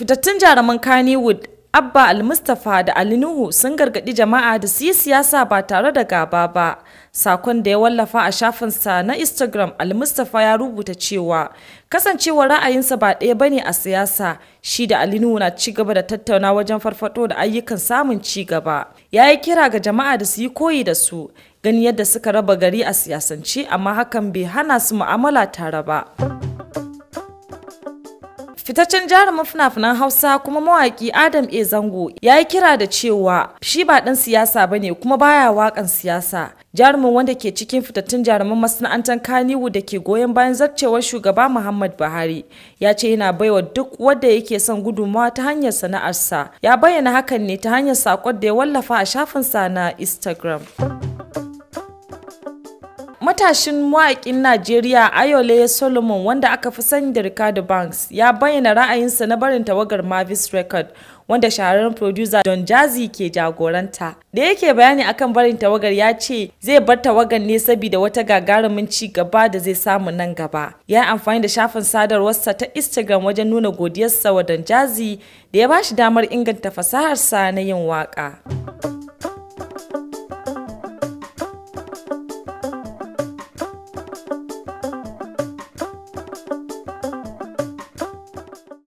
Fitattun jaruman Kannywood Abba Al-Mustapha da Ali Nuhu sun gargaɗi jama'a da su yi siyasa ba tare da gaba ba. Sakon da ya wallafa a shafinsa na Instagram Al-Mustapha ya rubuta cewa kasancewar ra'ayinsa ba ɗaya bane a siyasa shi da Ali Nuhu na ci gaba da tattauna wajen farfaɗo da ayyukan samun ci gaba. Ya yi kira ga jama'a da su yi koyi da su gani yadda suka raba gari a siyasance amma hakan bai hana su mu'amala tare ba. Fitaccen jarumin fina-finan Hausa kuma mawaki Adam A. Zango ya yi kira da cewa shi ba dan siyasa ba ne kuma baya wakan siyasa. Jarumin wanda ke cikin fitattun jaruman masana'antar Kaniwu da ke goyon bayan zarcewar shugaba Muhammad Buhari ya ce yana baiwa duk wanda yake son gudunmawa ta hanyar sana'arsa. Ya bayyana hakan ne ta hanyar sakon da ya wallafa a shafinsa na Instagram. Matashin mawaƙin Najeriya Ayole Solomon wanda aka fi sani da Ricardo Banks ya bayyana ra'ayinsa na barin tawagar Mavis Record wanda shahararren producer Don Jazzy ke jagoranta. Da yake bayani akan barin tawagar ya ce zai bar tawagar ne saboda wata gagarumin ci gaba da zai samu nan gaba. Ya yi amfani da shafin sadarwarsa ta Instagram wajen nuna godiyarsa wa Don Jazzy da ya ba shi damar inganta fasaharsa na yin waƙa.